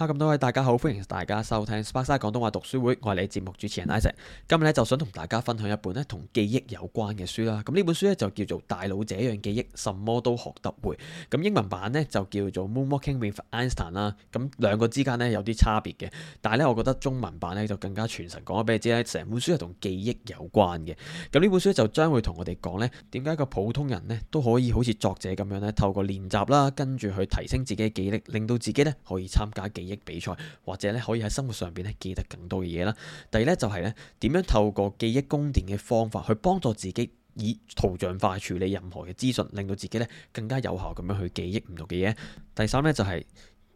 Hello，咁多位大家好，歡迎大家收聽《Sparkside 廣東話讀書會》，我係你節目主持人 Izzy。I 今日咧就想同大家分享一本咧同記憶有關嘅書啦。咁呢本書咧就叫做《大腦這樣記憶，什麼都學得會》。咁英文版呢，就叫做《Moonwalking with Einstein》啦。咁兩個之間咧有啲差別嘅，但係咧我覺得中文版咧就更加傳神講咗俾你知啦。成本書係同記憶有關嘅。咁呢本書呢就將會同我哋講咧，點解個普通人咧都可以好似作者咁樣咧，透過練習啦，跟住去提升自己嘅記憶令到自己咧可以參加記憶。憶比賽，或者咧可以喺生活上邊咧記得更多嘅嘢啦。第二咧就係咧點樣透過記憶宮殿嘅方法去幫助自己以圖像化處理任何嘅資訊，令到自己咧更加有效咁樣去記憶唔同嘅嘢。第三咧就係、是、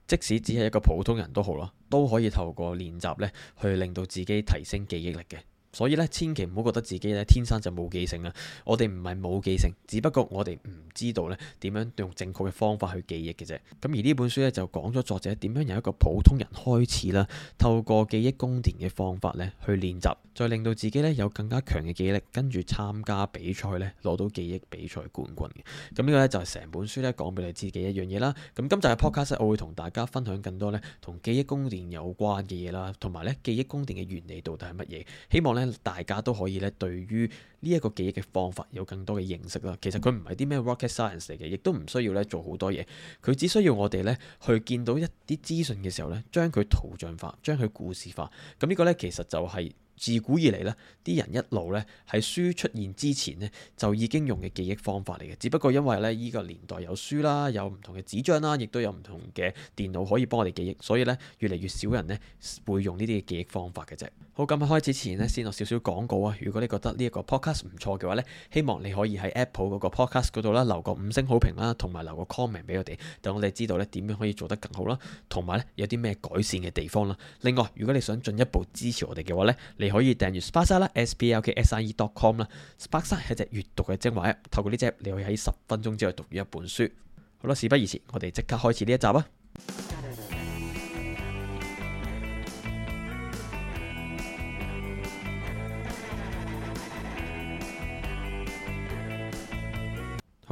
即使只係一個普通人都好咯，都可以透過練習咧去令到自己提升記憶力嘅。所以咧，千祈唔好覺得自己咧天生就冇記性啦。我哋唔係冇記性，只不過我哋唔知道咧點樣用正確嘅方法去記憶嘅啫。咁而呢本書咧就講咗作者點樣由一個普通人開始啦，透過記憶宮殿嘅方法咧去練習，再令到自己咧有更加強嘅記憶力，跟住參加比賽咧攞到記憶比賽冠軍嘅。咁呢個咧就係、是、成本書咧講俾你自己一樣嘢啦。咁今集嘅 Podcast 我會同大家分享更多咧同記憶宮殿有關嘅嘢啦，同埋咧記憶宮殿嘅原理到底係乜嘢？希望咧～大家都可以咧，對於，呢一個記憶嘅方法有更多嘅認識啦。其實佢唔係啲咩 rocket science 嚟嘅，亦都唔需要咧做好多嘢。佢只需要我哋咧去見到一啲資訊嘅時候咧，將佢圖像化，將佢故事化。咁、嗯這個、呢個咧其實就係、是、自古以嚟咧，啲人一路咧喺書出現之前咧，就已經用嘅記憶方法嚟嘅。只不過因為咧依、這個年代有書啦，有唔同嘅紙張啦，亦都有唔同嘅電腦可以幫我哋記憶，所以咧越嚟越少人咧會用呢啲記憶方法嘅啫。好，咁喺開始前咧，先落少少廣告啊。如果你覺得呢一個 podcast 唔錯嘅話咧，希望你可以喺 Apple 嗰個 Podcast 嗰度啦，留個五星好評啦，同埋留個 comment 俾我哋，等我哋知道咧點樣可以做得更好啦，同埋咧有啲咩改善嘅地方啦。另外，如果你想進一步支持我哋嘅話咧，你可以訂閱 Sparksa 啦，s b l k s i e dot com 啦。Sparksa 係隻閱讀嘅精華一，透過呢隻，你可以喺十分鐘之內讀完一本書。好啦，事不宜遲，我哋即刻開始呢一集啊！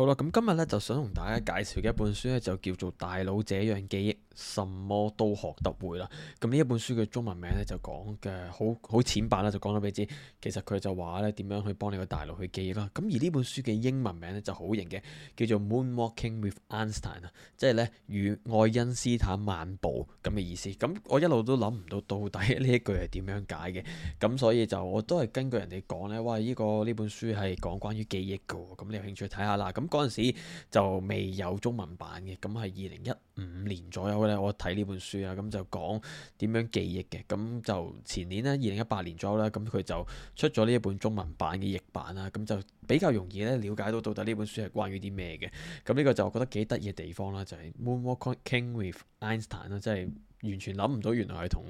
好啦，咁今日咧就想同大家介紹嘅一本書咧，就叫做《大佬這樣記憶》。什麼都學得會啦。咁呢一本書嘅中文名咧就講嘅好好淺白啦，就講到俾你知。其實佢就話咧點樣去幫你個大腦去記憶啦。咁而呢本書嘅英文名咧就好型嘅，叫做 Moonwalking with Einstein 啊，即係咧與愛因斯坦漫步咁嘅意思。咁我一路都諗唔到到底呢一句係點樣解嘅。咁所以就我都係根據人哋講咧，喂，呢、這個呢本書係講關於記憶噶，咁你有興趣睇下啦。咁嗰陣時就未有中文版嘅，咁係二零一五。五年左右咧，我睇呢本書啊，咁就講點樣記憶嘅，咁就前年咧，二零一八年左右啦，咁佢就出咗呢一本中文版嘅譯版啦，咁就。比較容易咧，瞭解到到底呢本書係關於啲咩嘅？咁呢個就我覺得幾得意嘅地方啦，就係、是《Moonwalking with Einstein》啦，即係完全諗唔到原來係同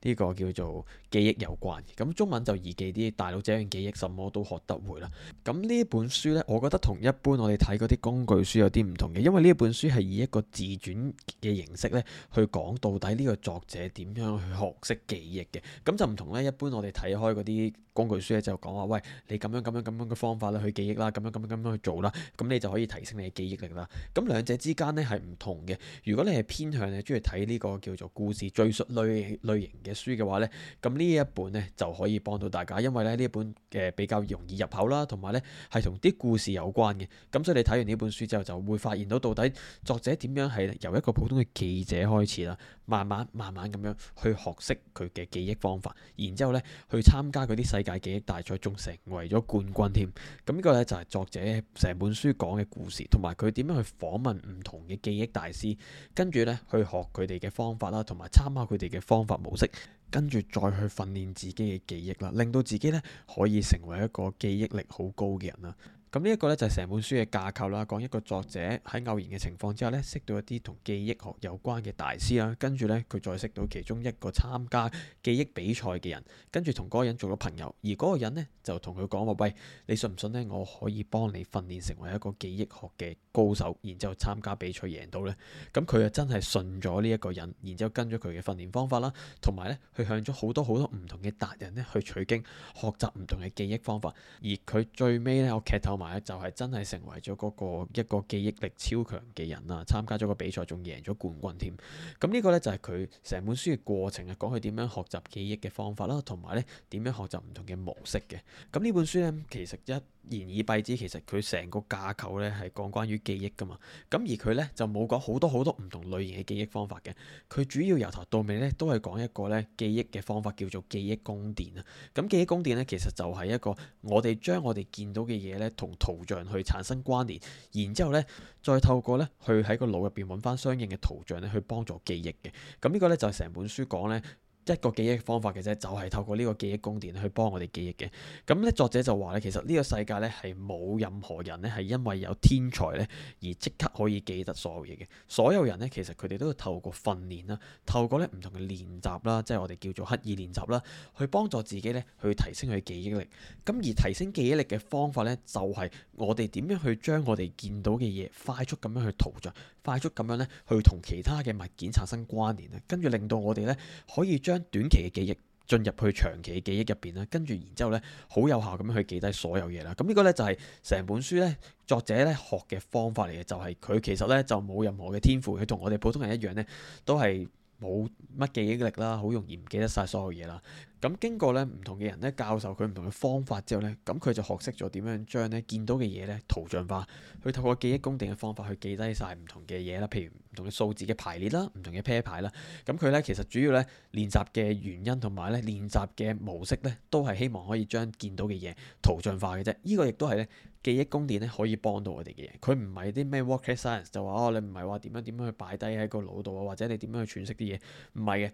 呢個叫做記憶有關嘅。咁中文就易記啲大腦這樣記憶，什麼都學得會啦。咁呢本書呢，我覺得同一般我哋睇嗰啲工具書有啲唔同嘅，因為呢本書係以一個自傳嘅形式呢去講到底呢個作者點樣去學識記憶嘅。咁就唔同咧，一般我哋睇開嗰啲。工具書咧就講話，喂，你咁樣咁樣咁樣嘅方法咧去記憶啦，咁樣咁樣咁樣去做啦，咁你就可以提升你嘅記憶力啦。咁兩者之間咧係唔同嘅。如果你係偏向你中意睇呢個叫做故事敍述類類型嘅書嘅話咧，咁呢一本咧就可以幫到大家，因為咧呢一本嘅比較容易入口啦，同埋咧係同啲故事有關嘅。咁所以你睇完呢本書之後就會發現到到底作者點樣係由一個普通嘅記者開始啦，慢慢慢慢咁樣去學識佢嘅記憶方法，然之後咧去參加佢啲細。世界記憶大賽仲成為咗冠軍添，咁呢個咧就係作者成本書講嘅故事，同埋佢點樣去訪問唔同嘅記憶大師，跟住咧去學佢哋嘅方法啦，同埋參考佢哋嘅方法模式，跟住再去訓練自己嘅記憶啦，令到自己咧可以成為一個記憶力好高嘅人啦。咁呢一個咧就係成本書嘅架構啦，講一個作者喺偶然嘅情況之下咧，識到一啲同記憶學有關嘅大師啦，跟住咧佢再識到其中一個參加記憶比賽嘅人，跟住同嗰個人做咗朋友，而嗰個人咧就同佢講話：喂，你信唔信咧？我可以幫你訓練成為一個記憶學嘅高手，然之後參加比賽贏到咧。咁佢啊真係信咗呢一個人，然之後跟咗佢嘅訓練方法啦，呢很多很多同埋咧去向咗好多好多唔同嘅達人咧去取經，學習唔同嘅記憶方法。而佢最尾咧，我劇透。或者就係真係成為咗嗰個一個記憶力超強嘅人啦，參加咗個比賽，仲贏咗冠軍添。咁呢個呢，就係佢成本書嘅過程啊，講佢點樣學習記憶嘅方法啦，同埋呢點樣學習唔同嘅模式嘅。咁呢本書呢，其實一。言以蔽之，其實佢成個架構咧係講關於記憶噶嘛，咁而佢咧就冇講好多好多唔同類型嘅記憶方法嘅，佢主要由頭到尾咧都係講一個咧記憶嘅方法叫做記憶供電啊。咁、嗯、記憶宮殿咧其實就係一個我哋將我哋見到嘅嘢咧同圖像去產生關聯，然之後咧再透過咧去喺個腦入邊揾翻相應嘅圖像咧去幫助記憶嘅。咁、嗯這個、呢個咧就係、是、成本書講咧。一個記憶方法嘅啫，就係透過呢個記憶宮殿去幫我哋記憶嘅。咁咧，作者就話咧，其實呢個世界咧係冇任何人咧係因為有天才咧而即刻可以記得所有嘢嘅。所有人咧，其實佢哋都透過訓練啦，透過咧唔同嘅練習啦，即係我哋叫做刻意練習啦，去幫助自己咧去提升佢嘅記憶力。咁而提升記憶力嘅方法咧，就係、是、我哋點樣去將我哋見到嘅嘢快速咁樣去圖像，快速咁樣咧去同其他嘅物件產生關聯啊，跟住令到我哋咧可以將將短期嘅記憶進入去長期嘅記憶入邊啦，跟住然之後咧，好有效咁樣去記低所有嘢啦。咁呢個咧就係成本書咧作者咧學嘅方法嚟嘅，就係佢其實咧就冇任何嘅天賦，佢同我哋普通人一樣咧，都係冇乜記憶力啦，好容易唔記得晒所有嘢啦。咁經過咧唔同嘅人咧教授佢唔同嘅方法之後咧，咁佢就學識咗點樣將咧見到嘅嘢咧，圖像化，去透過記憶宮殿嘅方法去記低晒唔同嘅嘢啦，譬如唔同嘅數字嘅排列啦，唔同嘅啤牌啦。咁佢咧其實主要咧練習嘅原因同埋咧練習嘅模式咧，都係希望可以將見到嘅嘢圖像化嘅啫。呢個亦都係咧記憶宮殿咧可以幫到我哋嘅嘢。佢唔係啲咩 walk science 就話哦，你唔係話點樣點樣去擺低喺個腦度啊，或者你點樣去詮釋啲嘢，唔係嘅。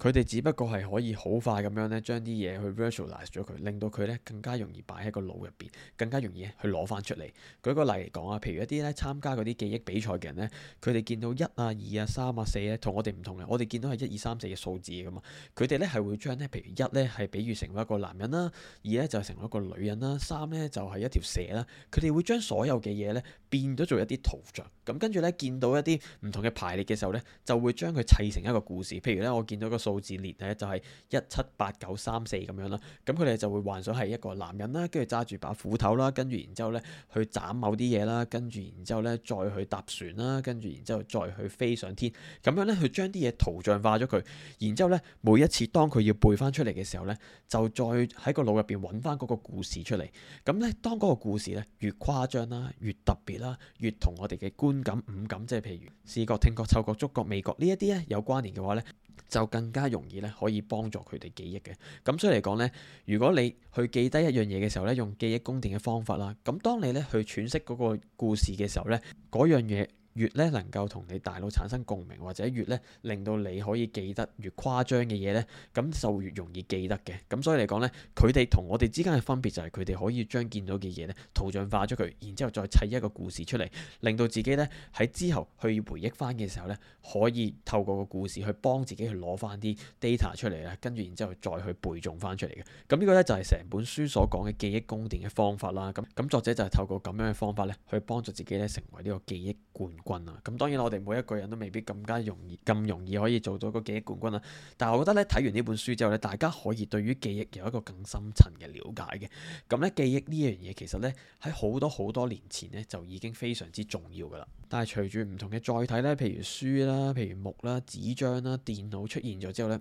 佢哋只不過係可以好快咁樣咧，將啲嘢去 visualize 咗佢，令到佢咧更加容易擺喺個腦入邊，更加容易去攞翻出嚟。舉個例嚟講啊，譬如一啲咧參加嗰啲記憶比賽嘅人咧，佢哋見到一啊二啊三啊四咧，同我哋唔同嘅，我哋見到係一二三四嘅數字啊嘛。佢哋咧係會將咧，譬如一咧係比喻成為一個男人啦，二咧就成為一個女人啦，三咧就係一條蛇啦。佢哋會將所有嘅嘢咧變咗做一啲圖像。咁跟住咧見到一啲唔同嘅排列嘅時候咧，就會將佢砌成一個故事。譬如咧，我見到個數，數字列咧就係一七八九三四咁樣啦，咁佢哋就會幻想係一個男人啦，跟住揸住把斧頭啦，跟住然之後咧去斬某啲嘢啦，跟住然之後咧再去搭船啦，跟住然之後再去飛上天，咁樣咧去將啲嘢圖像化咗佢，然之後咧每一次當佢要背翻出嚟嘅時候咧，就再喺個腦入邊揾翻嗰個故事出嚟。咁咧，當嗰個故事咧越誇張啦，越特別啦，越同我哋嘅觀感、五感，即係譬如視覺、聽覺、嗅覺、觸覺、味覺呢一啲咧有關聯嘅話咧。就更加容易咧，可以幫助佢哋記憶嘅。咁所以嚟講咧，如果你去記低一樣嘢嘅時候咧，用記憶宮殿嘅方法啦，咁當你咧去詮釋嗰個故事嘅時候咧，嗰樣嘢。越咧能夠同你大腦產生共鳴，或者越咧令到你可以記得越誇張嘅嘢咧，咁就越容易記得嘅。咁所以嚟講咧，佢哋同我哋之間嘅分別就係佢哋可以將見到嘅嘢咧圖像化咗佢，然之後再砌一個故事出嚟，令到自己咧喺之後去回憶翻嘅時候咧，可以透過個故事去幫自己去攞翻啲 data 出嚟咧，跟住然之後再去背誦翻出嚟嘅。咁呢個咧就係、是、成本書所講嘅記憶宮殿嘅方法啦。咁咁作者就係透過咁樣嘅方法咧，去幫助自己咧成為呢個記憶冠，冠咁，當然啦，我哋每一個人都未必咁加容易、咁容易可以做到個記憶冠軍啦。但係我覺得咧，睇完呢本書之後咧，大家可以對於記憶有一個更深層嘅了解嘅。咁咧，記憶呢樣嘢其實咧喺好多好多年前咧就已經非常之重要噶啦。但係隨住唔同嘅載體咧，譬如書啦、譬如木啦、紙張啦、電腦出現咗之後咧。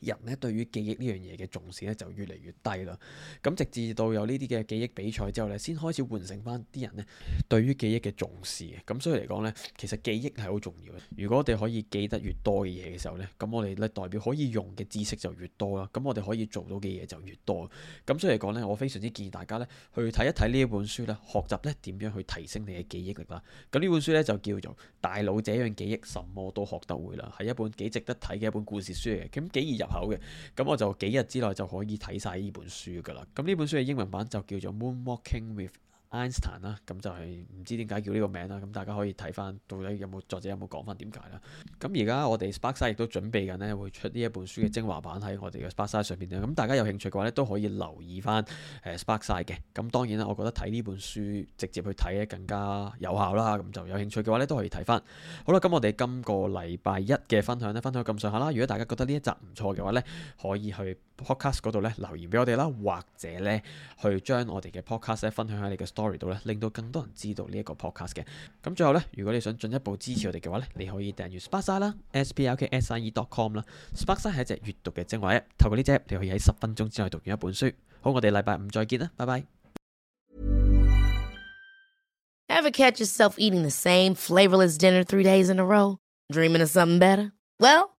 人咧對於記憶呢樣嘢嘅重視咧就越嚟越低啦，咁直至到有呢啲嘅記憶比賽之後咧，先開始喚醒返啲人咧對於記憶嘅重視嘅，咁所以嚟講咧，其實記憶係好重要嘅。如果我哋可以記得越多嘅嘢嘅時候咧，咁我哋咧代表可以用嘅知識就越多啦，咁我哋可以做到嘅嘢就越多。咁所以嚟講咧，我非常之建議大家咧去睇一睇呢一本書啦，學習咧點樣去提升你嘅記憶力啦。咁呢本書咧就叫做《大腦這樣記憶，什麼都學得會啦》，係一本幾值得睇嘅一本故事書嚟嘅，咁幾易入。好嘅，咁我就幾日之內就可以睇晒呢本書㗎啦。咁呢本書嘅英文版就叫做《Moonwalking with》，愛因斯坦啦，咁就係唔知點解叫呢個名啦，咁大家可以睇翻到底有冇作者有冇講翻點解啦。咁而家我哋 s p a r k s 亦都準備緊呢會出呢一本書嘅精華版喺我哋嘅 s p a r k s 上邊咧。咁大家有興趣嘅話呢，都可以留意翻誒 s p a r k s 嘅、嗯。咁當然啦，我覺得睇呢本書直接去睇呢更加有效啦。咁就有興趣嘅話呢，都可以睇翻。好啦，咁我哋今個禮拜一嘅分享呢，分享到咁上下啦。如果大家覺得呢一集唔錯嘅話呢，可以去。podcast 嗰度咧留言俾我哋啦，或者咧去將我哋嘅 podcast 咧分享喺你嘅 story 度咧，令到更多人知道呢一個 podcast 嘅。咁最後咧，如果你想進一步支持我哋嘅話咧，你可以訂閱 Sparksine 啦，sparksine.com 啦。Sparksine 係一隻閱讀嘅精華 app，透過呢隻 App，你可以喺十分鐘之內讀完一本書。好，我哋禮拜五再見啦，拜拜。